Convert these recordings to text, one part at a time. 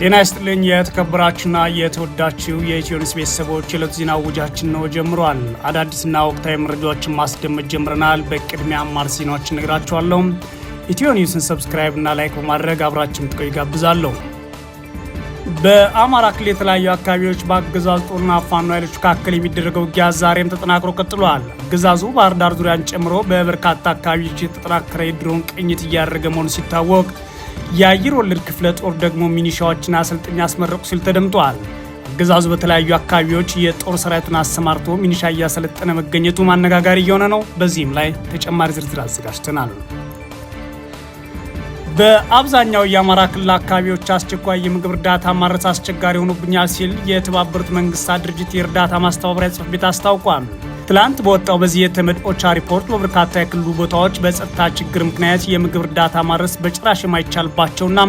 ጤና ይስጥልኝ የተከበራችሁና የተወዳችው የኢትዮኒስ ቤተሰቦች የዕለቱ ዜና ውጃችን ነው ጀምሯል። አዳዲስና ወቅታዊ መረጃዎችን ማስደመጥ ጀምረናል። በቅድሚያ አማር ዜናዎችን ነግራችኋለሁ። ኢትዮኒስን ሰብስክራይብ እና ላይክ በማድረግ አብራችን ጥቆ ጋብዛለሁ። በአማራ ክልል የተለያዩ አካባቢዎች በአገዛዙ ጦርና ፋኖ ኃይሎች መካከል የሚደረገው ውጊያ ዛሬም ተጠናክሮ ቀጥሏል። አገዛዙ ባህር ዳር ዙሪያን ጨምሮ በበርካታ አካባቢዎች የተጠናከረ የድሮን ቅኝት እያደረገ መሆኑ ሲታወቅ የአየር ወለድ ክፍለ ጦር ደግሞ ሚኒሻዎችን አሰልጥኝ ያስመረቁ ሲል ተደምጧል። አገዛዙ በተለያዩ አካባቢዎች የጦር ሰራዊቱን አሰማርቶ ሚኒሻ እያሰለጠነ መገኘቱ አነጋጋሪ እየሆነ ነው። በዚህም ላይ ተጨማሪ ዝርዝር አዘጋጅተናል። በአብዛኛው የአማራ ክልል አካባቢዎች አስቸኳይ የምግብ እርዳታ ማድረስ አስቸጋሪ ሆኖብኛል ሲል የተባበሩት መንግስታት ድርጅት የእርዳታ ማስተባበሪያ ጽሕፈት ቤት አስታውቋል። ትላንት በወጣው በዚህ የተመድ ኦቻ ሪፖርት በበርካታ የክልሉ ቦታዎች በጸጥታ ችግር ምክንያት የምግብ እርዳታ ማድረስ በጭራሽ የማይቻልባቸውና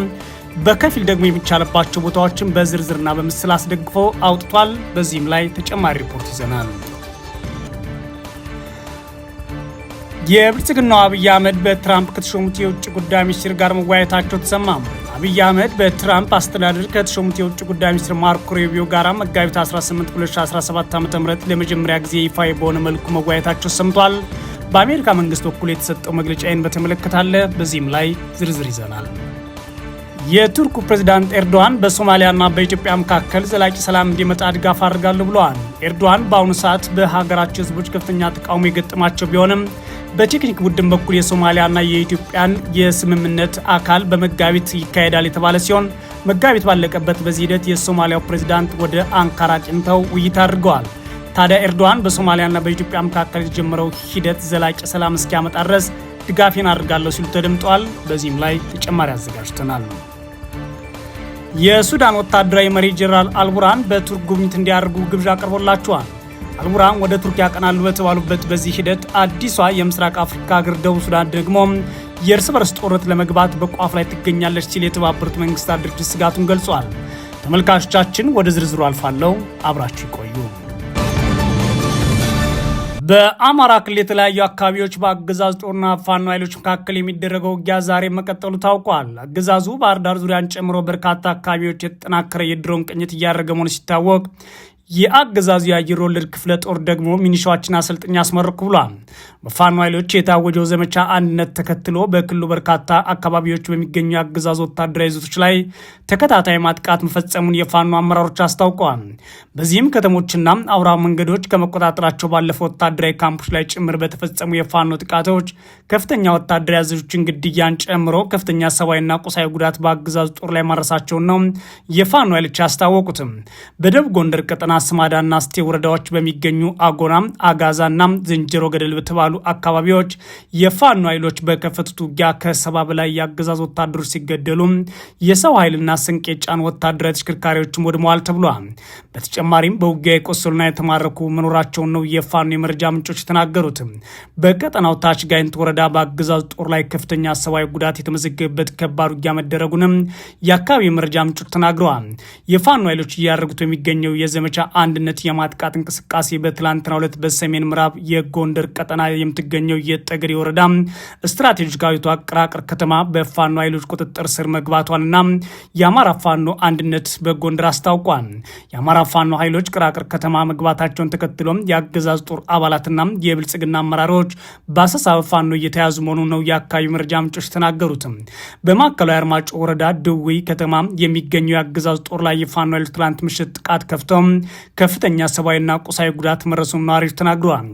በከፊል ደግሞ የሚቻልባቸው ቦታዎችን በዝርዝርና በምስል አስደግፎ አውጥቷል። በዚህም ላይ ተጨማሪ ሪፖርት ይዘናል። የብልጽግናው አብይ አህመድ በትራምፕ ከተሾሙት የውጭ ጉዳይ ሚኒስትር ጋር መወያየታቸው ተሰማ። አብይ አህመድ በትራምፕ አስተዳደር ከተሾሙት የውጭ ጉዳይ ሚኒስትር ማርኮ ሩቢዮ ጋር መጋቢት 18 2017 ዓ ም ለመጀመሪያ ጊዜ ይፋ በሆነ መልኩ መወያየታቸው ሰምቷል። በአሜሪካ መንግስት በኩል የተሰጠው መግለጫ ይህን በተመለከታለ በዚህም ላይ ዝርዝር ይዘናል። የቱርኩ ፕሬዚዳንት ኤርዶዋን በሶማሊያና በኢትዮጵያ መካከል ዘላቂ ሰላም እንዲመጣ ድጋፍ አድርጋለሁ ብለዋል። ኤርዶዋን በአሁኑ ሰዓት በሀገራቸው ህዝቦች ከፍተኛ ተቃውሞ የገጠማቸው ቢሆንም በቴክኒክ ቡድን በኩል የሶማሊያና የኢትዮጵያን የስምምነት አካል በመጋቢት ይካሄዳል የተባለ ሲሆን መጋቢት ባለቀበት በዚህ ሂደት የሶማሊያው ፕሬዚዳንት ወደ አንካራ አቅንተው ውይይት አድርገዋል። ታዲያ ኤርዶዋን በሶማሊያና በኢትዮጵያ መካከል የተጀመረው ሂደት ዘላቂ ሰላም እስኪያመጣ ድረስ ድጋፌን አድርጋለሁ ሲሉ ተደምጠዋል። በዚህም ላይ ተጨማሪ አዘጋጅተናል። የሱዳን ወታደራዊ መሪ ጀነራል አልቡራን በቱርክ ጉብኝት እንዲያደርጉ ግብዣ አቅርቦላቸዋል። አልቡርሃን ወደ ቱርክ ያቀናሉ በተባሉበት በዚህ ሂደት አዲሷ የምስራቅ አፍሪካ ሀገር ደቡብ ሱዳን ደግሞ የእርስ በርስ ጦርነት ለመግባት በቋፍ ላይ ትገኛለች ሲል የተባበሩት መንግስታት ድርጅት ስጋቱን ገልጿል። ተመልካቾቻችን ወደ ዝርዝሩ አልፋለሁ፣ አብራችሁ ይቆዩ። በአማራ ክልል የተለያዩ አካባቢዎች በአገዛዝ ጦርና ፋኖ ኃይሎች መካከል የሚደረገው ውጊያ ዛሬ መቀጠሉ ታውቋል። አገዛዙ ባህር ዳር ዙሪያን ጨምሮ በርካታ አካባቢዎች የተጠናከረ የድሮን ቅኝት እያደረገ መሆኑ ሲታወቅ የአገዛዙ የአየር ወለድ ክፍለ ጦር ደግሞ ሚኒሻዎችን አሰልጥኝ አስመርኩ ብሏል። በፋኖ ኃይሎች የታወጀው ዘመቻ አንድነት ተከትሎ በክልሉ በርካታ አካባቢዎች በሚገኙ የአገዛዙ ወታደራዊ ይዘቶች ላይ ተከታታይ ማጥቃት መፈጸሙን የፋኖ አመራሮች አስታውቀዋል። በዚህም ከተሞችና አውራ መንገዶች ከመቆጣጠራቸው ባለፈው ወታደራዊ ካምፖች ላይ ጭምር በተፈጸሙ የፋኖ ጥቃቶች ከፍተኛ ወታደራዊ አዛዦችን ግድያን ጨምሮ ከፍተኛ ሰብአዊና ቁሳዊ ጉዳት በአገዛዙ ጦር ላይ ማድረሳቸውን ነው የፋኖ ኃይሎች ያስታወቁትም። በደቡብ ጎንደር ቀጠና ስማዳና ስቴ ወረዳዎች በሚገኙ አጎናም፣ አጋዛና ዝንጀሮ ገደል በተባሉ አካባቢዎች የፋኖ ኃይሎች በከፈቱት ውጊያ ከሰባ በላይ የአገዛዝ ወታደሮች ሲገደሉ የሰው ኃይልና ስንቅ የጫኑ ወታደራዊ ተሽከርካሪዎችም ወድመዋል ተብሏል። በተጨማሪም በውጊያ የቆሰሉና የተማረኩ መኖራቸውን ነው የፋኖ የመረጃ ምንጮች የተናገሩት። በቀጠናው ታች ጋይንት ወረዳ በአገዛዝ ጦር ላይ ከፍተኛ ሰብአዊ ጉዳት የተመዘገበበት ከባድ ውጊያ መደረጉንም የአካባቢ መረጃ ምንጮች ተናግረዋል። የፋኖ ኃይሎች እያደረጉት የሚገኘው የዘመቻ አንድነት የማጥቃት እንቅስቃሴ በትላንትናው ዕለት በሰሜን ምዕራብ የጎንደር ቀጠና የምትገኘው የጠገዴ ወረዳ ስትራቴጂካዊቷ ቅራቅር ከተማ በፋኖ ኃይሎች ቁጥጥር ስር መግባቷንና የአማራ ፋኖ አንድነት በጎንደር አስታውቋል። የአማራ ፋኖ ኃይሎች ቅራቅር ከተማ መግባታቸውን ተከትሎም የአገዛዝ ጦር አባላትና የብልጽግና አመራሮች በአሰሳ ፋኖ እየተያዙ መሆኑ ነው የአካባቢ መረጃ ምንጮች ተናገሩት። በማዕከላዊ አርማጭሆ ወረዳ ድዌ ከተማ የሚገኘው የአገዛዝ ጦር ላይ የፋኖ ኃይሎች ትላንት ምሽት ጥቃት ከፍተው ከፍተኛ ሰብአዊና ቁሳዊ ጉዳት መረሱን ነዋሪዎች ተናግረዋል።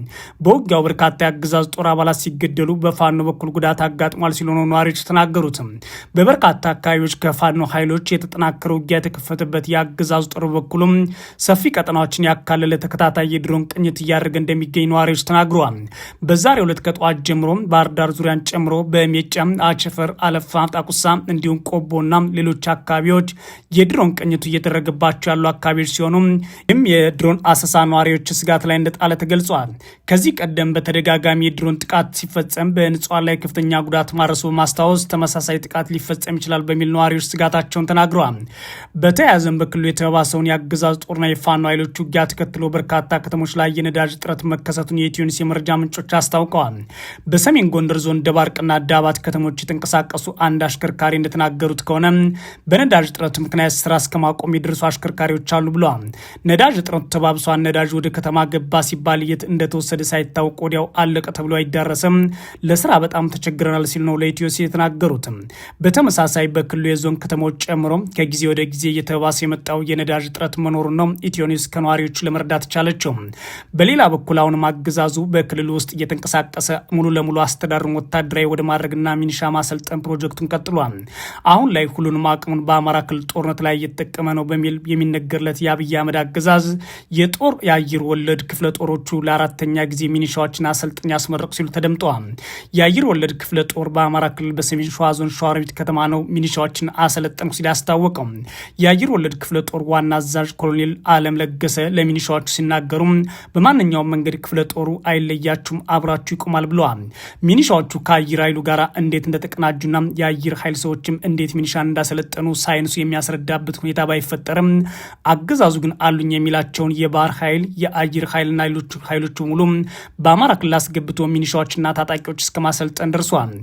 በውጊያው በርካታ የአገዛዝ ጦር አባላት ሲገደሉ በፋኖ በኩል ጉዳት አጋጥሟል ሲሉ ነው ነዋሪዎች ተናገሩትም። በበርካታ አካባቢዎች ከፋኖ ኃይሎች የተጠናከረ ውጊያ የተከፈተበት የአገዛዝ ጦር በኩሉም ሰፊ ቀጠናዎችን ያካለለ ተከታታይ የድሮን ቅኝት እያደረገ እንደሚገኝ ነዋሪዎች ተናግረዋል። በዛሬ ሁለት ከጠዋት ጀምሮ ባህርዳር ዳር ዙሪያን ጨምሮ በሜጫም አቸፈር፣ አለፋ፣ ጣቁሳ እንዲሁም ቆቦና ሌሎች አካባቢዎች የድሮን ቅኝቱ እየተደረገባቸው ያሉ አካባቢዎች ሲሆኑ ይህም የድሮን አሰሳ ነዋሪዎች ስጋት ላይ እንደጣለ ተገልጿል። ከዚህ ቀደም በተደጋጋሚ የድሮን ጥቃት ሲፈጸም በንጹሐን ላይ ከፍተኛ ጉዳት ማድረሱ በማስታወስ ተመሳሳይ ጥቃት ሊፈጸም ይችላል በሚል ነዋሪዎች ስጋታቸውን ተናግረዋል። በተያያዘም በክልሉ የተባሰውን የአገዛዝ ጦርና የፋኖ ኃይሎች ውጊያ ተከትሎ በርካታ ከተሞች ላይ የነዳጅ እጥረት መከሰቱን የኢትዮኒስ የመረጃ ምንጮች አስታውቀዋል። በሰሜን ጎንደር ዞን ደባርቅና ዳባት ከተሞች የተንቀሳቀሱ አንድ አሽከርካሪ እንደተናገሩት ከሆነ በነዳጅ እጥረቱ ምክንያት ስራ እስከማቆም የደረሱ አሽከርካሪዎች አሉ ብለዋል። የነዳጅ እጥረቱ ተባብሷል። ነዳጅ ወደ ከተማ ገባ ሲባል የት እንደተወሰደ ሳይታወቅ ወዲያው አለቀ ተብሎ አይዳረስም። ለስራ በጣም ተቸግረናል ሲሉ ነው ለኢትዮሲ የተናገሩትም። በተመሳሳይ በክልሉ የዞን ከተሞች ጨምሮ ከጊዜ ወደ ጊዜ እየተባሰ የመጣው የነዳጅ እጥረት መኖሩን ነው ኢትዮኒስ ከነዋሪዎች ለመረዳት ቻለችው። በሌላ በኩል አሁንም አገዛዙ በክልሉ ውስጥ እየተንቀሳቀሰ ሙሉ ለሙሉ አስተዳደሩን ወታደራዊ ወደ ማድረግና ሚኒሻ ማሰልጠን ፕሮጀክቱን ቀጥሏል። አሁን ላይ ሁሉንም አቅሙን በአማራ ክልል ጦርነት ላይ እየተጠቀመ ነው በሚል የሚነገርለት የአብይ አህመድ አገዛዝ የጦር የአየር ወለድ ክፍለ ጦሮቹ ለአራተኛ ጊዜ ሚኒሻዎችን አሰልጥን ያስመረቁ ሲሉ ተደምጠዋል። የአየር ወለድ ክፍለ ጦር በአማራ ክልል በሰሜን ሸዋ ዞን ሸዋሮቢት ከተማ ነው ሚኒሻዎችን አሰለጠንኩ ሲል ያስታወቀው። የአየር ወለድ ክፍለ ጦር ዋና አዛዥ ኮሎኔል አለም ለገሰ ለሚኒሻዎቹ ሲናገሩም በማንኛውም መንገድ ክፍለ ጦሩ አይለያችሁም፣ አብራችሁ ይቆማል ብለዋል። ሚኒሻዎቹ ከአየር ኃይሉ ጋር እንዴት እንደተቀናጁና የአየር ኃይል ሰዎችም እንዴት ሚኒሻን እንዳሰለጠኑ ሳይንሱ የሚያስረዳበት ሁኔታ ባይፈጠርም አገዛዙ ግን አሉኝ የሚላቸውን የባህር ኃይል የአየር ኃይልና ሌሎች ኃይሎች ሙሉም በአማራ ክልል አስገብቶ ሚኒሻዎችና ታጣቂዎች እስከ ማሰልጠን ደርሷል።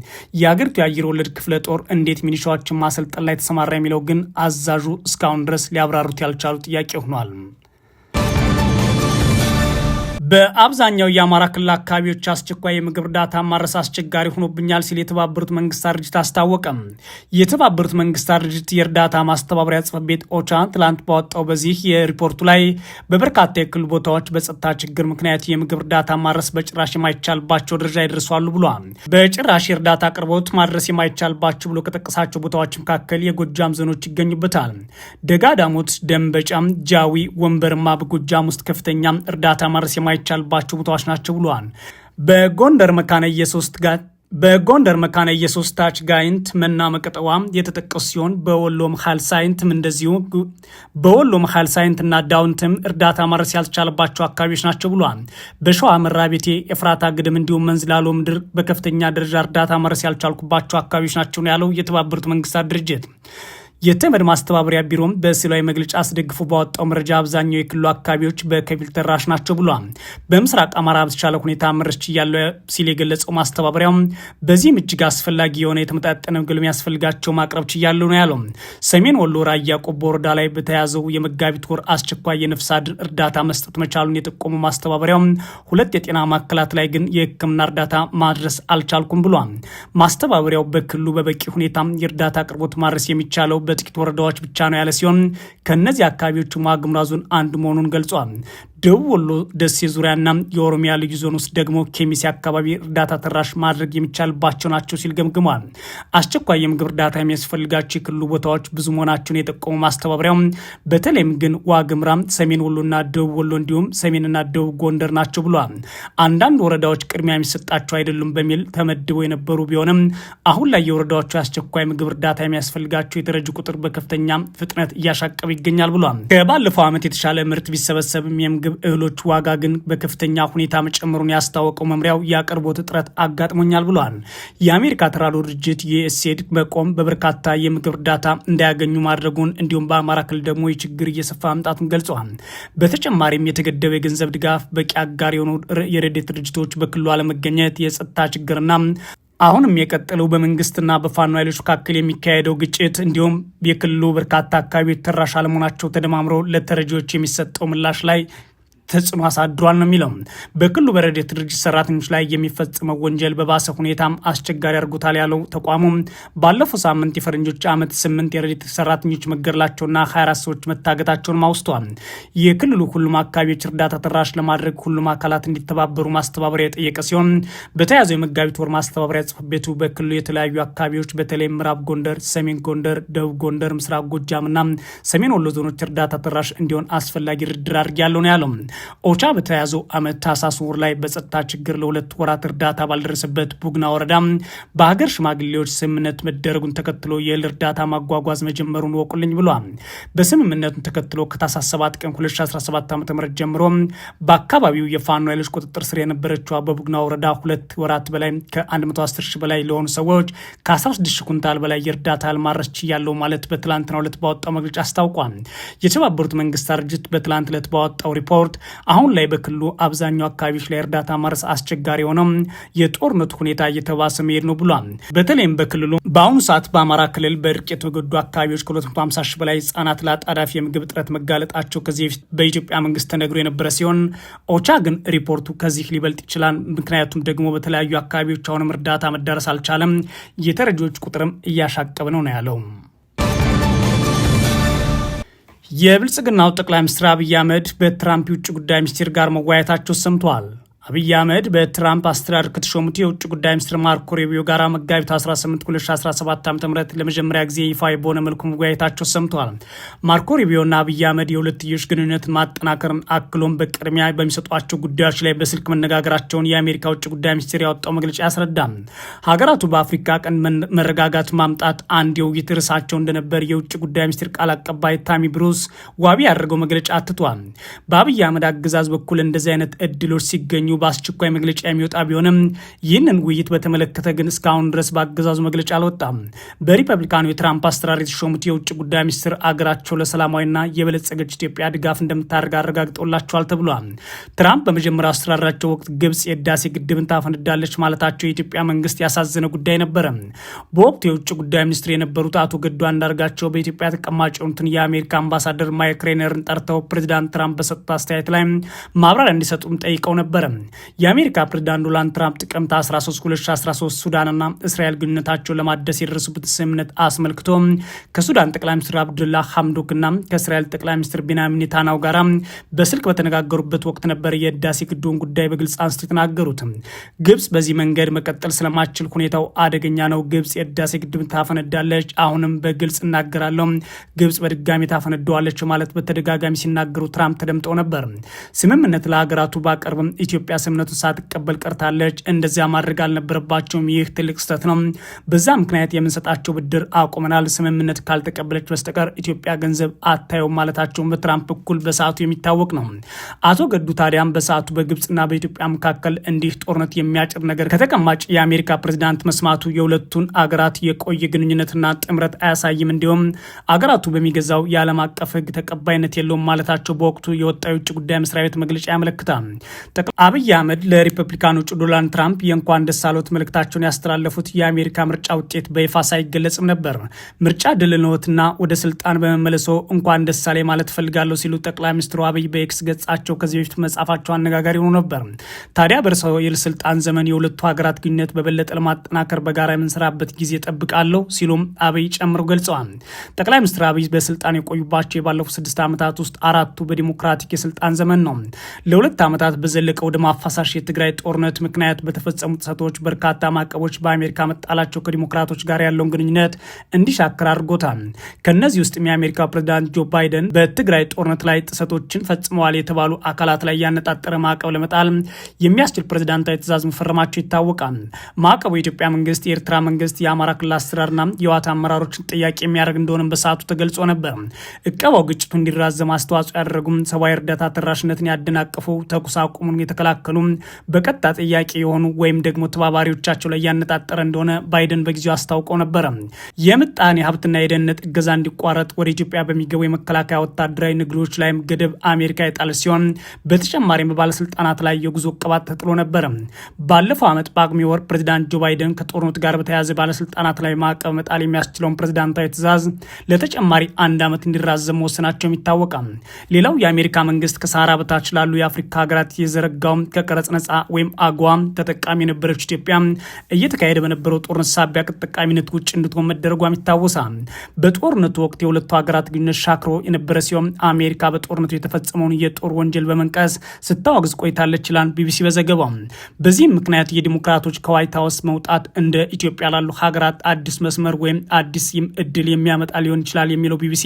የአገሪቱ የአየር ወለድ ክፍለ ጦር እንዴት ሚኒሻዎችን ማሰልጠን ላይ ተሰማራ የሚለው ግን አዛዡ እስካሁን ድረስ ሊያብራሩት ያልቻሉ ጥያቄ ሆኗል። በአብዛኛው የአማራ ክልል አካባቢዎች አስቸኳይ የምግብ እርዳታ ማድረስ አስቸጋሪ ሆኖብኛል ሲል የተባበሩት መንግስታት ድርጅት አስታወቀም። የተባበሩት መንግስታት ድርጅት የእርዳታ ማስተባበሪያ ጽሕፈት ቤት ኦቻ ትላንት ባወጣው በዚህ የሪፖርቱ ላይ በበርካታ የክልል ቦታዎች በጸጥታ ችግር ምክንያት የምግብ እርዳታ ማድረስ በጭራሽ የማይቻልባቸው ደረጃ ይደርሷሉ ብሏል። በጭራሽ የእርዳታ አቅርቦት ማድረስ የማይቻልባቸው ብሎ ከጠቀሳቸው ቦታዎች መካከል የጎጃም ዞኖች ይገኙበታል። ደጋዳሞት፣ ደንበጫም፣ ጃዊ፣ ወንበርማ በጎጃም ውስጥ ከፍተኛ እርዳታ ማድረስ የማይ መድኃኒቶች ያልባቸው ቦታዎች ናቸው ብለዋል። በጎንደር መካነ ኢየሱስ ጋር በጎንደር መካነ ኢየሱስ ታች ጋይንት መና መቀጠዋ የተጠቀሱ ሲሆን በወሎ መሀል ሳይንትም እንደዚሁ በወሎ መሀል ሳይንት እና ዳውንትም እርዳታ ማድረስ ያልተቻለባቸው አካባቢዎች ናቸው ብሏል። በሸዋ መራቤቴ፣ ኤፍራታ ግድም እንዲሁም መንዝ ላሎ ምድር በከፍተኛ ደረጃ እርዳታ ማድረስ ያልቻልኩባቸው አካባቢዎች ናቸው ያለው የተባበሩት መንግስታት ድርጅት የተመድ ማስተባበሪያ ቢሮም በስዕላዊ መግለጫ አስደግፎ ባወጣው መረጃ አብዛኛው የክልሉ አካባቢዎች በከፊል ተራሽ ናቸው ብሏል። በምስራቅ አማራ በተሻለ ሁኔታ መረች እያለ ሲል የገለጸው ማስተባበሪያው በዚህም እጅግ አስፈላጊ የሆነ የተመጣጠነ ምግብ የሚያስፈልጋቸው ማቅረብ ችያለሁ ነው ያለው። ሰሜን ወሎ ራያ ቆቦ ወረዳ ላይ በተያዘው የመጋቢት ወር አስቸኳይ የነፍስ አድን እርዳታ መስጠት መቻሉን የጠቆሙ ማስተባበሪያው ሁለት የጤና ማዕከላት ላይ ግን የሕክምና እርዳታ ማድረስ አልቻልኩም ብሏል። ማስተባበሪያው በክልሉ በበቂ ሁኔታ የእርዳታ አቅርቦት ማድረስ የሚቻለው በጥቂት ወረዳዎች ብቻ ነው ያለ ሲሆን ከእነዚህ አካባቢዎቹ ማግምራዙን አንድ አንዱ መሆኑን ገልጿል። ደቡብ ወሎ ደሴ ዙሪያና የኦሮሚያ ልዩ ዞን ውስጥ ደግሞ ኬሚሴ አካባቢ እርዳታ ተራሽ ማድረግ የሚቻልባቸው ናቸው ሲል ገምግሟል። አስቸኳይ የምግብ እርዳታ የሚያስፈልጋቸው የክልሉ ቦታዎች ብዙ መሆናቸውን የጠቆሙ ማስተባበሪያው በተለይም ግን ዋግምራ፣ ሰሜን ወሎና ደቡብ ወሎ እንዲሁም ሰሜንና ደቡብ ጎንደር ናቸው ብሏል። አንዳንድ ወረዳዎች ቅድሚያ የሚሰጣቸው አይደሉም በሚል ተመድበው የነበሩ ቢሆንም አሁን ላይ የወረዳዎቹ የአስቸኳይ ምግብ እርዳታ የሚያስፈልጋቸው የተረጂ ቁጥር በከፍተኛ ፍጥነት እያሻቀበ ይገኛል ብሏል። ከባለፈው ዓመት የተሻለ ምርት ቢሰበሰብም የምግብ የምግብ እህሎች ዋጋ ግን በከፍተኛ ሁኔታ መጨመሩን ያስታወቀው መምሪያው የአቅርቦት እጥረት አጋጥሞኛል ብሏል። የአሜሪካ ተራድኦ ድርጅት ዩኤስኤድ መቆም በበርካታ የምግብ እርዳታ እንዳያገኙ ማድረጉን እንዲሁም በአማራ ክልል ደግሞ የችግር እየሰፋ መምጣቱን ገልጸዋል። በተጨማሪም የተገደበ የገንዘብ ድጋፍ በቂ አጋር የሆኑ የረድኤት ድርጅቶች በክልሉ አለመገኘት፣ የጸጥታ ችግርና አሁንም የቀጠለው በመንግስትና በፋኖ ኃይሎች መካከል የሚካሄደው ግጭት እንዲሁም የክልሉ በርካታ አካባቢዎች ተራሽ አለመሆናቸው ተደማምሮ ለተረጂዎች የሚሰጠው ምላሽ ላይ ተጽዕኖ አሳድሯል ነው የሚለው። በክልሉ በረድኤት ድርጅት ሰራተኞች ላይ የሚፈጽመው ወንጀል በባሰ ሁኔታም አስቸጋሪ አድርጎታል ያለው ተቋሙ ባለፈው ሳምንት የፈረንጆች ዓመት ስምንት የረድኤት ሰራተኞች መገደላቸውና 24 ሰዎች መታገታቸውን አውስቷል። የክልሉ ሁሉም አካባቢዎች እርዳታ ተደራሽ ለማድረግ ሁሉም አካላት እንዲተባበሩ ማስተባበሪያ የጠየቀ ሲሆን በተያዘው የመጋቢት ወር ማስተባበሪያ ጽሕፈት ቤቱ በክልሉ የተለያዩ አካባቢዎች በተለይ ምዕራብ ጎንደር፣ ሰሜን ጎንደር፣ ደቡብ ጎንደር፣ ምስራቅ ጎጃምና ሰሜን ወሎ ዞኖች እርዳታ ተደራሽ እንዲሆን አስፈላጊ ድርድር አድርጊያለሁ ነው ያለው። ኦቻ በተያዘው ዓመት ታህሳስ ወር ላይ በጸጥታ ችግር ለሁለት ወራት እርዳታ ባልደረሰበት ቡግና ወረዳ በሀገር ሽማግሌዎች ስምምነት መደረጉን ተከትሎ የእህል እርዳታ ማጓጓዝ መጀመሩን ወቁልኝ ብሏል። በስምምነቱን ተከትሎ ከታህሳስ 7 ቀን 2017 ዓ ም ጀምሮ በአካባቢው የፋኖ ኃይሎች ቁጥጥር ስር የነበረችዋ በቡግና ወረዳ ሁለት ወራት በላይ ከ110 ሺህ በላይ ለሆኑ ሰዎች ከ16 ሺህ ኩንታል በላይ የእርዳታ እህል ያለው ማለት በትላንትና ዕለት ባወጣው መግለጫ አስታውቋል። የተባበሩት መንግስታት ድርጅት በትላንት ዕለት ባወጣው ሪፖርት አሁን ላይ በክልሉ አብዛኛው አካባቢዎች ላይ እርዳታ ማድረስ አስቸጋሪ የሆነው የጦርነት ሁኔታ እየተባሰ መሄድ ነው ብሏል። በተለይም በክልሉ በአሁኑ ሰዓት በአማራ ክልል በድርቅ የተጎዱ አካባቢዎች ከ250 ሺህ በላይ ህጻናት ለአጣዳፊ የምግብ እጥረት መጋለጣቸው ከዚህ በፊት በኢትዮጵያ መንግስት ተነግሮ የነበረ ሲሆን ኦቻ ግን ሪፖርቱ ከዚህ ሊበልጥ ይችላል። ምክንያቱም ደግሞ በተለያዩ አካባቢዎች አሁንም እርዳታ መዳረስ አልቻለም። የተረጂዎች ቁጥርም እያሻቀበ ነው ነው ያለው። የብልጽግናው ጠቅላይ ሚኒስትር አብይ አህመድ በትራምፕ የውጭ ጉዳይ ሚኒስቴር ጋር መወያየታቸው ሰምተዋል። አብይ አህመድ በትራምፕ አስተዳደር ከተሾሙት የውጭ ጉዳይ ሚኒስትር ማርኮ ሩቢዮ ጋር መጋቢት 18 2017 ዓ ም ለመጀመሪያ ጊዜ ይፋ በሆነ መልኩ መጓየታቸው ሰምተዋል። ማርኮ ሩቢዮና አብይ አህመድ የሁለትዮሽ ግንኙነትን ማጠናከርን አክሎም በቅድሚያ በሚሰጧቸው ጉዳዮች ላይ በስልክ መነጋገራቸውን የአሜሪካ ውጭ ጉዳይ ሚኒስቴር ያወጣው መግለጫ ያስረዳል። ሀገራቱ በአፍሪካ ቀንድ መረጋጋት ማምጣት አንድ የውይይት ርዕሳቸው እንደነበር የውጭ ጉዳይ ሚኒስትር ቃል አቀባይ ታሚ ብሩስ ዋቢ ያደረገው መግለጫ አትቷል። በአብይ አህመድ አገዛዝ በኩል እንደዚህ አይነት እድሎች ሲገኙ እንደተገኙ በአስቸኳይ መግለጫ የሚወጣ ቢሆንም ይህንን ውይይት በተመለከተ ግን እስካሁን ድረስ በአገዛዙ መግለጫ አልወጣም። በሪፐብሊካኑ የትራምፕ አስተዳደር የተሾሙት የውጭ ጉዳይ ሚኒስትር አገራቸው ለሰላማዊና የበለጸገች ኢትዮጵያ ድጋፍ እንደምታደርግ አረጋግጦላቸዋል ተብሏል። ትራምፕ በመጀመሪያ አስተዳደራቸው ወቅት ግብጽ የህዳሴ ግድብን ታፈንዳለች ማለታቸው የኢትዮጵያ መንግስት ያሳዘነ ጉዳይ ነበረ። በወቅቱ የውጭ ጉዳይ ሚኒስትር የነበሩት አቶ ገዱ አንዳርጋቸው በኢትዮጵያ ተቀማጭ የሆኑትን የአሜሪካ አምባሳደር ማይክ ሬነርን ጠርተው ፕሬዚዳንት ትራምፕ በሰጡት አስተያየት ላይ ማብራሪያ እንዲሰጡም ጠይቀው ነበረ። የአሜሪካ ፕሬዚዳንት ዶናልድ ትራምፕ ጥቅምት 13 2013 ሱዳንና እስራኤል ግንኙነታቸውን ለማደስ የደረሱበት ስምምነት አስመልክቶ ከሱዳን ጠቅላይ ሚኒስትር አብዱላ ሐምዶክና ከእስራኤል ጠቅላይ ሚኒስትር ቤንያሚን ኔታናው ጋራ በስልክ በተነጋገሩበት ወቅት ነበር የህዳሴ ግድቡን ጉዳይ በግልጽ አንስቶ የተናገሩት። ግብጽ በዚህ መንገድ መቀጠል ስለማችል ሁኔታው አደገኛ ነው። ግብጽ የህዳሴ ግድብ ታፈነዳለች። አሁንም በግልጽ እናገራለሁ፣ ግብጽ በድጋሚ ታፈነደዋለች ማለት በተደጋጋሚ ሲናገሩ ትራምፕ ተደምጠው ነበር። ስምምነት ለሀገራቱ ባቀርብም ኢትዮጵያ ኢትዮጵያ ስምምነቱን ሳትቀበል ቀርታለች። እንደዚያ ማድረግ አልነበረባቸውም። ይህ ትልቅ ስህተት ነው። በዛ ምክንያት የምንሰጣቸው ብድር አቁመናል። ስምምነት ካልተቀበለች በስተቀር ኢትዮጵያ ገንዘብ አታየው ማለታቸውን በትራምፕ በኩል በሰዓቱ የሚታወቅ ነው። አቶ ገዱ ታዲያም በሰዓቱ በግብፅና በኢትዮጵያ መካከል እንዲህ ጦርነት የሚያጭር ነገር ከተቀማጭ የአሜሪካ ፕሬዚዳንት መስማቱ የሁለቱን አገራት የቆየ ግንኙነትና ጥምረት አያሳይም፣ እንዲሁም አገራቱ በሚገዛው የዓለም አቀፍ ሕግ ተቀባይነት የለውም ማለታቸው በወቅቱ የወጣ የውጭ ጉዳይ መስሪያ ቤት መግለጫ ያመለክታል። አብይ አህመድ ለሪፐብሊካን እጩ ዶናልድ ትራምፕ የእንኳን ደስ አሎት መልእክታቸውን ያስተላለፉት የአሜሪካ ምርጫ ውጤት በይፋ ሳይገለጽም ነበር። ምርጫ ድል ነዎትና ወደ ስልጣን በመመለሶ እንኳን ደስ አለኝ ማለት እፈልጋለሁ ሲሉ ጠቅላይ ሚኒስትሩ አብይ በኤክስ ገጻቸው ከዚህ በፊት መጻፋቸው አነጋጋሪ ሆኖ ነበር። ታዲያ በእርሳቸው ስልጣን ዘመን የሁለቱ ሀገራት ግንኙነት በበለጠ ለማጠናከር በጋራ የምንሰራበት ጊዜ ጠብቃለሁ ሲሉም አብይ ጨምሮ ገልጸዋል። ጠቅላይ ሚኒስትር አብይ በስልጣን የቆዩባቸው የባለፉት ስድስት ዓመታት ውስጥ አራቱ በዲሞክራቲክ የስልጣን ዘመን ነው። ለሁለት ዓመታት በዘለቀው ደማ አፋሳሽ የትግራይ ጦርነት ምክንያት በተፈጸሙ ጥሰቶች በርካታ ማዕቀቦች በአሜሪካ መጣላቸው ከዲሞክራቶች ጋር ያለውን ግንኙነት እንዲሻክር አድርጎታል። ከእነዚህ ውስጥም የአሜሪካ ፕሬዚዳንት ጆ ባይደን በትግራይ ጦርነት ላይ ጥሰቶችን ፈጽመዋል የተባሉ አካላት ላይ ያነጣጠረ ማዕቀብ ለመጣል የሚያስችል ፕሬዚዳንታዊ ትእዛዝ መፈረማቸው ይታወቃል። ማዕቀቡ የኢትዮጵያ መንግስት፣ የኤርትራ መንግስት፣ የአማራ ክልል አሰራርና የዋት አመራሮችን ጥያቄ የሚያደርግ እንደሆነም በሰዓቱ ተገልጾ ነበር። እቀባው ግጭቱ እንዲራዘም አስተዋጽኦ ያደረጉም ሰብአዊ እርዳታ ተራሽነትን ያደናቀፉ ተኩስ አቁሙን የተከላከሉ ሲታከሉም በቀጥታ ጥያቄ የሆኑ ወይም ደግሞ ተባባሪዎቻቸው ላይ ያነጣጠረ እንደሆነ ባይደን በጊዜው አስታውቀው ነበረ። የምጣኔ ሀብትና የደህንነት እገዛ እንዲቋረጥ ወደ ኢትዮጵያ በሚገቡ የመከላከያ ወታደራዊ ንግዶች ላይም ገደብ አሜሪካ የጣል ሲሆን በተጨማሪም በባለስልጣናት ላይ የጉዞ ቅባት ተጥሎ ነበረ። ባለፈው ዓመት በአቅሚ ወር ፕሬዚዳንት ጆ ባይደን ከጦርነት ጋር በተያያዘ ባለስልጣናት ላይ ማዕቀብ መጣል የሚያስችለውን ፕሬዚዳንታዊ ትዕዛዝ ለተጨማሪ አንድ ዓመት እንዲራዘም መወሰናቸውም ይታወቃል። ሌላው የአሜሪካ መንግስት ከሳራ በታች ላሉ የአፍሪካ ሀገራት የዘረጋውም ከቀረጽ ነጻ ወይም አጓ ተጠቃሚ የነበረች ኢትዮጵያ እየተካሄደ በነበረው ጦርነት ሳቢያ ከተጠቃሚነት ውጭ እንድትሆን መደረጓም ይታወሳል። በጦርነቱ ወቅት የሁለቱ ሀገራት ግንኙነት ሻክሮ የነበረ ሲሆን አሜሪካ በጦርነቱ የተፈጸመውን የጦር ወንጀል በመንቀስ ስታወግዝ ቆይታለች ይላል ቢቢሲ በዘገባው። በዚህም ምክንያት የዲሞክራቶች ከዋይት ሀውስ መውጣት እንደ ኢትዮጵያ ላሉ ሀገራት አዲስ መስመር ወይም አዲስ እድል የሚያመጣ ሊሆን ይችላል የሚለው ቢቢሲ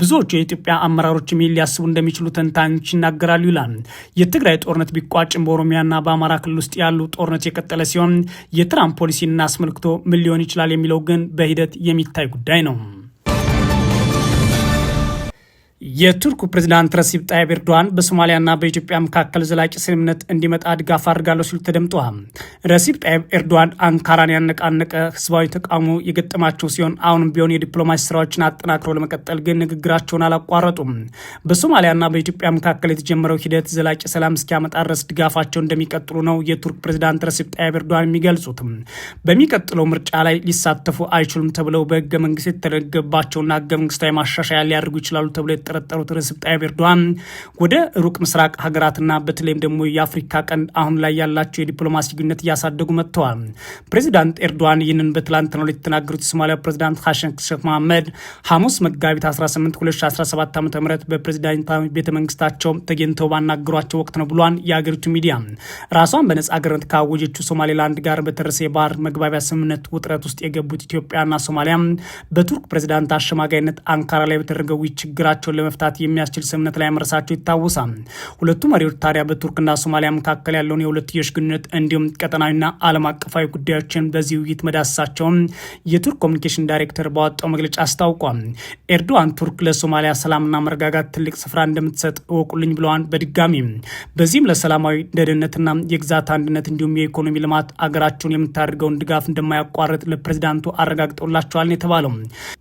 ብዙዎቹ የኢትዮጵያ አመራሮች ሊያስቡ እንደሚችሉ ተንታኞች ይናገራሉ ይላል። የትግራይ ጦርነት ቢቋ በሀገራችን በኦሮሚያና በአማራ ክልል ውስጥ ያሉ ጦርነት የቀጠለ ሲሆን የትራምፕ ፖሊሲን አስመልክቶ ምን ሊሆን ይችላል የሚለው ግን በሂደት የሚታይ ጉዳይ ነው። የቱርኩ ፕሬዚዳንት ረሲብ ጣይብ ኤርዶዋን በሶማሊያና በኢትዮጵያ መካከል ዘላቂ ስምምነት እንዲመጣ ድጋፍ አድርጋለሁ ሲሉ ተደምጠዋል። ረሲብ ጣይብ ኤርዶዋን አንካራን ያነቃነቀ ህዝባዊ ተቃውሞ የገጠማቸው ሲሆን አሁንም ቢሆን የዲፕሎማሲ ስራዎችን አጠናክረው ለመቀጠል ግን ንግግራቸውን አላቋረጡም። በሶማሊያና በኢትዮጵያ መካከል የተጀመረው ሂደት ዘላቂ ሰላም እስኪያመጣ ድረስ ድጋፋቸው እንደሚቀጥሉ ነው የቱርክ ፕሬዚዳንት ረሲብ ጣይብ ኤርዶዋን የሚገልጹት። በሚቀጥለው ምርጫ ላይ ሊሳተፉ አይችሉም ተብለው በህገ መንግስት የተደነገገባቸውና ህገ መንግስታዊ ማሻሻያ ሊያደርጉ ይችላሉ ተብሎ የተጠረጠሩት ሬሰፕ ጣይብ ኤርዶዋን ወደ ሩቅ ምስራቅ ሀገራትና በተለይም ደግሞ የአፍሪካ ቀንድ አሁን ላይ ያላቸው የዲፕሎማሲ ግንኙነት እያሳደጉ መጥተዋል። ፕሬዚዳንት ኤርዶዋን ይህንን በትላንትናው ዕለት የተናገሩት የሶማሊያ ፕሬዚዳንት ሐሰን ሼክ መሐመድ ሐሙስ መጋቢት 18 2017 ዓ ም በፕሬዚዳንታዊ መንግስታቸው ተገኝተው ባናገሯቸው ወቅት ነው ብሏል የአገሪቱ ሚዲያ። ራሷን በነጻ ሀገርነት ካወጀችው ሶማሌላንድ ጋር በተረሰ የባህር መግባቢያ ስምምነት ውጥረት ውስጥ የገቡት ኢትዮጵያና ሶማሊያ በቱርክ ፕሬዚዳንት አሸማጋይነት አንካራ ላይ በተደረገው ችግራቸውን ለመፍታት የሚያስችል ስምምነት ላይ መረሳቸው ይታወሳል። ሁለቱ መሪዎች ታዲያ በቱርክና ሶማሊያ መካከል ያለውን የሁለትዮሽ ግንኙነት እንዲሁም ቀጠናዊና ዓለም አቀፋዊ ጉዳዮችን በዚህ ውይይት መዳሰሳቸውን የቱርክ ኮሚኒኬሽን ዳይሬክተር ባወጣው መግለጫ አስታውቋል። ኤርዶዋን ቱርክ ለሶማሊያ ሰላምና መረጋጋት ትልቅ ስፍራ እንደምትሰጥ እወቁልኝ ብለዋል። በድጋሚ በዚህም ለሰላማዊ ደህንነትና የግዛት አንድነት እንዲሁም የኢኮኖሚ ልማት አገራቸውን የምታደርገውን ድጋፍ እንደማያቋርጥ ለፕሬዚዳንቱ አረጋግጠውላቸዋል የተባለው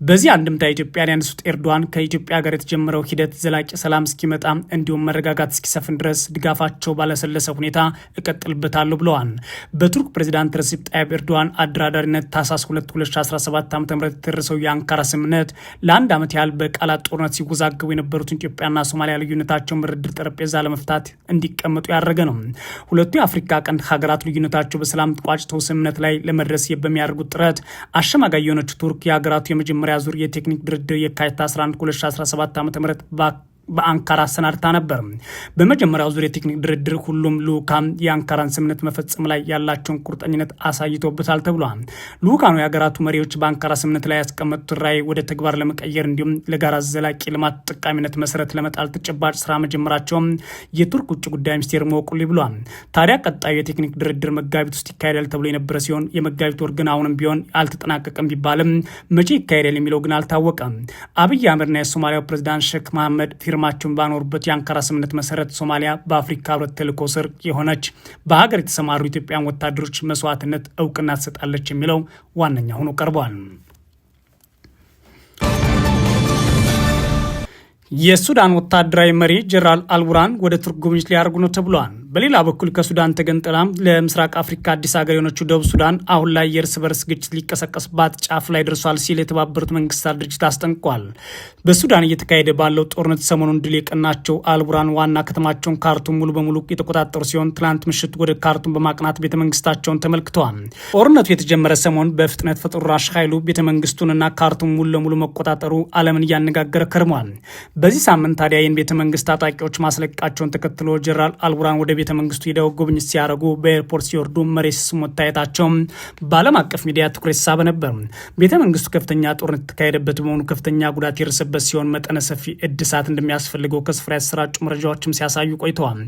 በዚህ አንድምታ ኢትዮጵያን ያነሱት ኤርዶዋን ከኢትዮጵያ ጋር የተጀመ የተጀመረው ሂደት ዘላቂ ሰላም እስኪመጣ እንዲሁም መረጋጋት እስኪሰፍን ድረስ ድጋፋቸው ባለሰለሰ ሁኔታ እቀጥልበታለሁ ብለዋል። በቱርክ ፕሬዚዳንት ረሲፕ ጣይብ ኤርዶዋን አደራዳሪነት ታህሳስ 2 2017 ዓ ም የተደረሰው የአንካራ ስምምነት ለአንድ ዓመት ያህል በቃላት ጦርነት ሲወዛገቡ የነበሩትን ኢትዮጵያና ሶማሊያ ልዩነታቸውን ድርድር ጠረጴዛ ለመፍታት እንዲቀመጡ ያደረገ ነው። ሁለቱ የአፍሪካ ቀንድ ሀገራት ልዩነታቸው በሰላም ቋጭተው ስምምነት ላይ ለመድረስ በሚያደርጉት ጥረት አሸማጋይ የሆነች ቱርክ የሀገራቱ የመጀመሪያ ዙር የቴክኒክ ድርድር የካቲት 11 2017 ዓ ም ጥምረት ባክ በአንካራ አሰናድታ ነበር። በመጀመሪያው ዙር የቴክኒክ ድርድር ሁሉም ልካ የአንካራን ስምምነት መፈጸም ላይ ያላቸውን ቁርጠኝነት አሳይቶበታል ተብሏል። ልዑካኑ የሀገራቱ መሪዎች በአንካራ ስምምነት ላይ ያስቀመጡት ራዕይ ወደ ተግባር ለመቀየር እንዲሁም ለጋራ ዘላቂ ልማት ጠቃሚነት መሰረት ለመጣል ተጨባጭ ስራ መጀመራቸውም የቱርክ ውጭ ጉዳይ ሚኒስቴር መወቁል ብሏል። ታዲያ ቀጣዩ የቴክኒክ ድርድር መጋቢት ውስጥ ይካሄዳል ተብሎ የነበረ ሲሆን የመጋቢት ወር ግን አሁንም ቢሆን አልተጠናቀቀም ቢባልም መቼ ይካሄዳል የሚለው ግን አልታወቀም። አብይ አህመድና የሶማሊያው ፕሬዚዳንት ሼክ መሐመድ ፊርማቸውን ባኖሩበት የአንካራ ስምምነት መሰረት ሶማሊያ በአፍሪካ ህብረት ተልዕኮ ስር የሆነች በሀገር የተሰማሩ ኢትዮጵያን ወታደሮች መስዋዕትነት እውቅና ትሰጣለች የሚለው ዋነኛ ሆኖ ቀርቧል። የሱዳን ወታደራዊ መሪ ጀነራል አልቡራን ወደ ቱርክ ጉብኝት ሊያደርጉ ነው ተብሏል። በሌላ በኩል ከሱዳን ተገንጥላ ለምስራቅ አፍሪካ አዲስ ሀገር የሆነችው ደቡብ ሱዳን አሁን ላይ የእርስ በርስ ግጭት ሊቀሰቀስባት ጫፍ ላይ ደርሷል ሲል የተባበሩት መንግስታት ድርጅት አስጠንቋል። በሱዳን እየተካሄደ ባለው ጦርነት ሰሞኑን ድል የቀናቸው አልቡራን ዋና ከተማቸውን ካርቱም ሙሉ በሙሉ የተቆጣጠሩ ሲሆን ትላንት ምሽት ወደ ካርቱም በማቅናት ቤተመንግስታቸውን ተመልክተዋል። ጦርነቱ የተጀመረ ሰሞን በፍጥነት ፈጥኖ ደራሽ ኃይሉ ቤተመንግስቱንና ካርቱም ሙሉ ለሙሉ መቆጣጠሩ ዓለምን እያነጋገረ ከርሟል። በዚህ ሳምንት ታዲያ ይህን ቤተመንግስት ታጣቂዎች ማስለቀቃቸውን ተከትሎ ጀነራል አልቡራን ወደ ቤት ቤተ መንግስቱ ሂደው ጉብኝት ሲያደርጉ በኤርፖርት ሲወርዱ መሬት ሲስሙ መታየታቸው በዓለም አቀፍ ሚዲያ ትኩረት ሳበ ነበር። ቤተ መንግስቱ ከፍተኛ ጦርነት የተካሄደበት በመሆኑ ከፍተኛ ጉዳት የደረሰበት ሲሆን መጠነ ሰፊ እድሳት እንደሚያስፈልገው ከስፍራ ያሰራጩ መረጃዎችም ሲያሳዩ ቆይተዋል።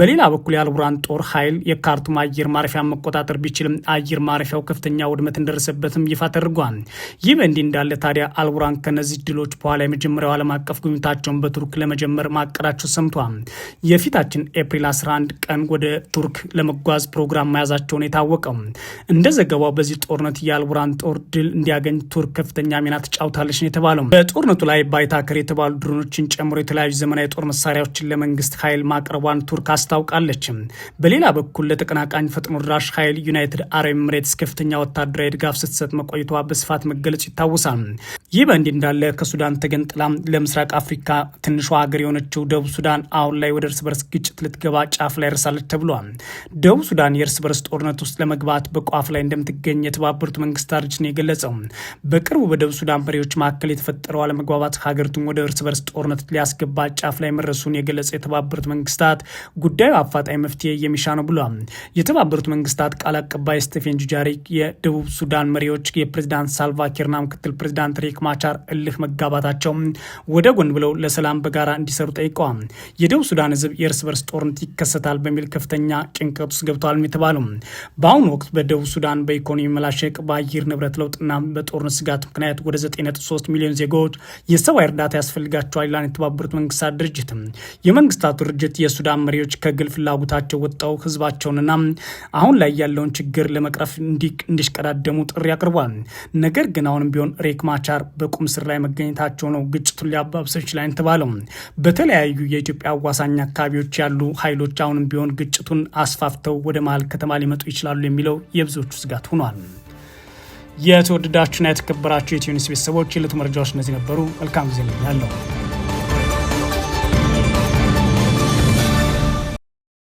በሌላ በኩል የአልቡራን ጦር ኃይል የካርቱም አየር ማረፊያ መቆጣጠር ቢችልም አየር ማረፊያው ከፍተኛ ውድመት እንደደረሰበትም ይፋ ተደርጓል። ይህ በእንዲህ እንዳለ ታዲያ አልቡራን ከነዚህ ድሎች በኋላ የመጀመሪያው ዓለም አቀፍ ጉብኝታቸውን በቱርክ ለመጀመር ማቀዳቸው ሰምቷል። የፊታችን ኤፕሪል 11 አንድ ቀን ወደ ቱርክ ለመጓዝ ፕሮግራም መያዛቸውን የታወቀው እንደ ዘገባው በዚህ ጦርነት የአልቡራን ጦር ድል እንዲያገኝ ቱርክ ከፍተኛ ሚና ትጫውታለች ነው የተባለው። በጦርነቱ ላይ ባይታከር የተባሉ ድሮኖችን ጨምሮ የተለያዩ ዘመናዊ የጦር መሳሪያዎችን ለመንግስት ኃይል ማቅረቧን ቱርክ አስታውቃለች። በሌላ በኩል ለተቀናቃኝ ፈጥኖ ድራሽ ኃይል ዩናይትድ አረብ ኤምሬትስ ከፍተኛ ወታደራዊ ድጋፍ ስትሰጥ መቆየቷ በስፋት መገለጽ ይታወሳል። ይህ በእንዲህ እንዳለ ከሱዳን ተገንጥላ ለምስራቅ አፍሪካ ትንሿ ሀገር የሆነችው ደቡብ ሱዳን አሁን ላይ ወደ እርስ በርስ ግጭት ልትገባ ጫፍ ላይ ርሳለች ተብሏል። ደቡብ ሱዳን የእርስ በርስ ጦርነት ውስጥ ለመግባት በቋፍ ላይ እንደምትገኝ የተባበሩት መንግስታት ድርጅት ነው የገለጸው። በቅርቡ በደቡብ ሱዳን መሪዎች መካከል የተፈጠረው አለመግባባት ሀገሪቱን ወደ እርስ በርስ ጦርነት ሊያስገባ ጫፍ ላይ መድረሱን የገለጸው የተባበሩት መንግስታት ጉዳዩ አፋጣኝ መፍትሄ የሚሻ ነው ብሏል። የተባበሩት መንግስታት ቃል አቀባይ ስቴፌን ጁጃሪክ የደቡብ ሱዳን መሪዎች የፕሬዚዳንት ሳልቫኪርና ምክትል ፕሬዚዳንት ሬክ ማቻር እልህ መጋባታቸው ወደ ጎን ብለው ለሰላም በጋራ እንዲሰሩ ጠይቀዋል። የደቡብ ሱዳን ህዝብ የእርስ በርስ ጦርነት ይከሰታል ይከሰታል በሚል ከፍተኛ ጭንቀት ውስጥ ገብተዋል የተባለው በአሁኑ ወቅት በደቡብ ሱዳን በኢኮኖሚ መላሸቅ፣ በአየር ንብረት ለውጥና በጦርነት ስጋት ምክንያት ወደ 9.3 ሚሊዮን ዜጋዎች የሰብአዊ እርዳታ ያስፈልጋቸዋል ይላል የተባበሩት መንግስታት ድርጅት። የመንግስታቱ ድርጅት የሱዳን መሪዎች ከግል ፍላጎታቸው ወጥተው ህዝባቸውንና አሁን ላይ ያለውን ችግር ለመቅረፍ እንዲሽቀዳደሙ ጥሪ አቅርቧል። ነገር ግን አሁንም ቢሆን ሬክ ማቻር በቁም ስር ላይ መገኘታቸው ነው ግጭቱን ሊያባብሰ ይችላል የተባለው። በተለያዩ የኢትዮጵያ አዋሳኝ አካባቢዎች ያሉ ኃይሎች አሁን አሁንም ቢሆን ግጭቱን አስፋፍተው ወደ መሀል ከተማ ሊመጡ ይችላሉ የሚለው የብዙዎቹ ስጋት ሆኗል። የተወደዳችሁና የተከበራችሁ የኢትዮ ኒውስ ቤተሰቦች የዕለቱ መረጃዎች እነዚህ ነበሩ። መልካም ጊዜ ያለው